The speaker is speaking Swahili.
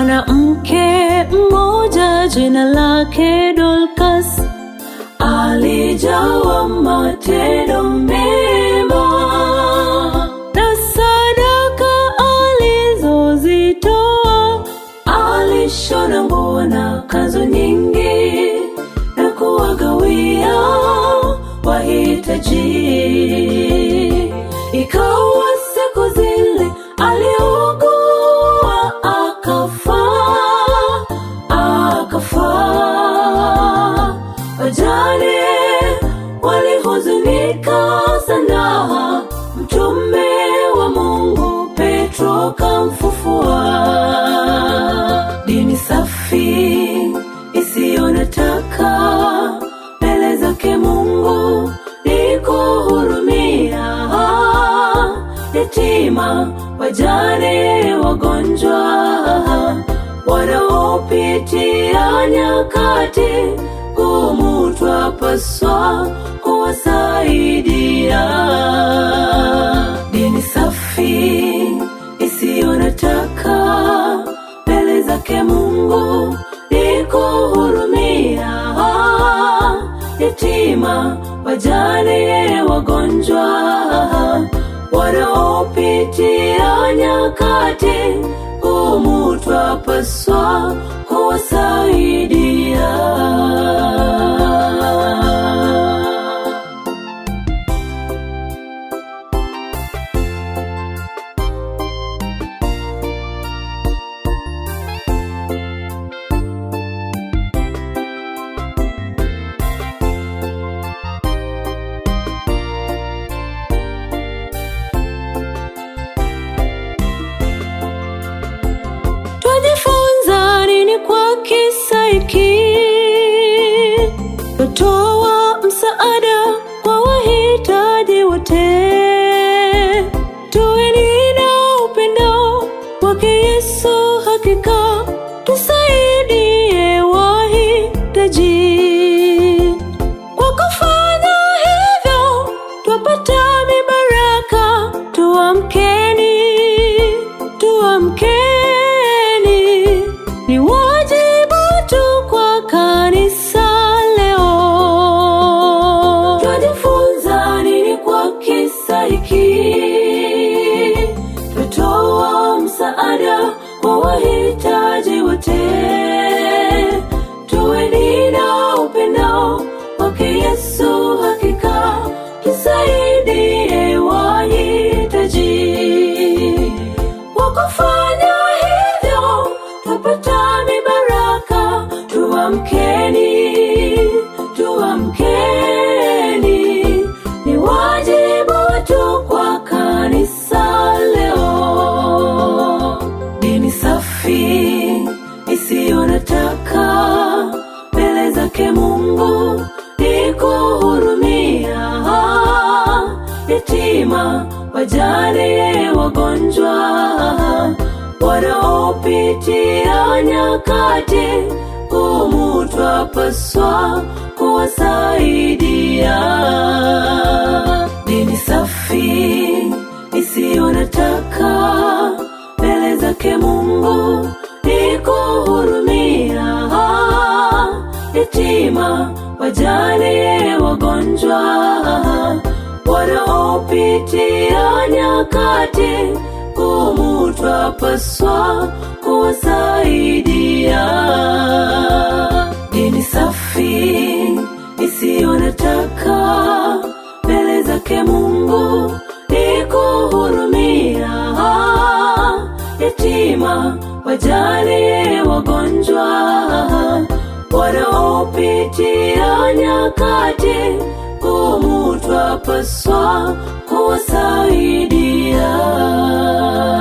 Mwanamke mmoja jina lake Dorcas alijawa matendo mema na sadaka alizozitoa, alishona nguo na kanzu nane walihuzunika sana. Mtume wa Mungu Petro kamfufua. Dini safi isiyo na taka, mbele zake Mungu nikuhurumia. Yatima, wajane, wagonjwa wanaopitia nyakati tunapaswa kuwasaidia. Dini safi isiyo na taka, mbele zake Mungu ni kuhurumia yatima, wajane, wagonjwa, wanaopitia nyakati gumu, twapaswa kuwasaidia. katika tusaidie wahitaji. Kwa kufanya hivyo twapata mibaraka. Tuamkeni, tuamkeni, ni wajibu tu kwa kanisa leo. Twajifunza nini kwa kisa hiki? Twatoa msaada kwa wahitaji wote. Tuweni na upendo wake Yesu, hakika tusaidie wahitaji. Kwa kufanya hivyo, twapata mibaraka. Tuamkeni. yake Mungu nikuhurumia, kuhurumia yatima, wajane, wagonjwa, wanaopitia nyakati ngumu, twapaswa kuwasaidia. wajali wagonjwa, wanaopitia nyakati ngumu, twapaswa kuwasaidia. Dini safi isiyo na taka, mbele zake Mungu ni kuhurumia yatima, wajane, wagonjwa wanaopitia nyakati ngumu, twapaswa kuwasaidia.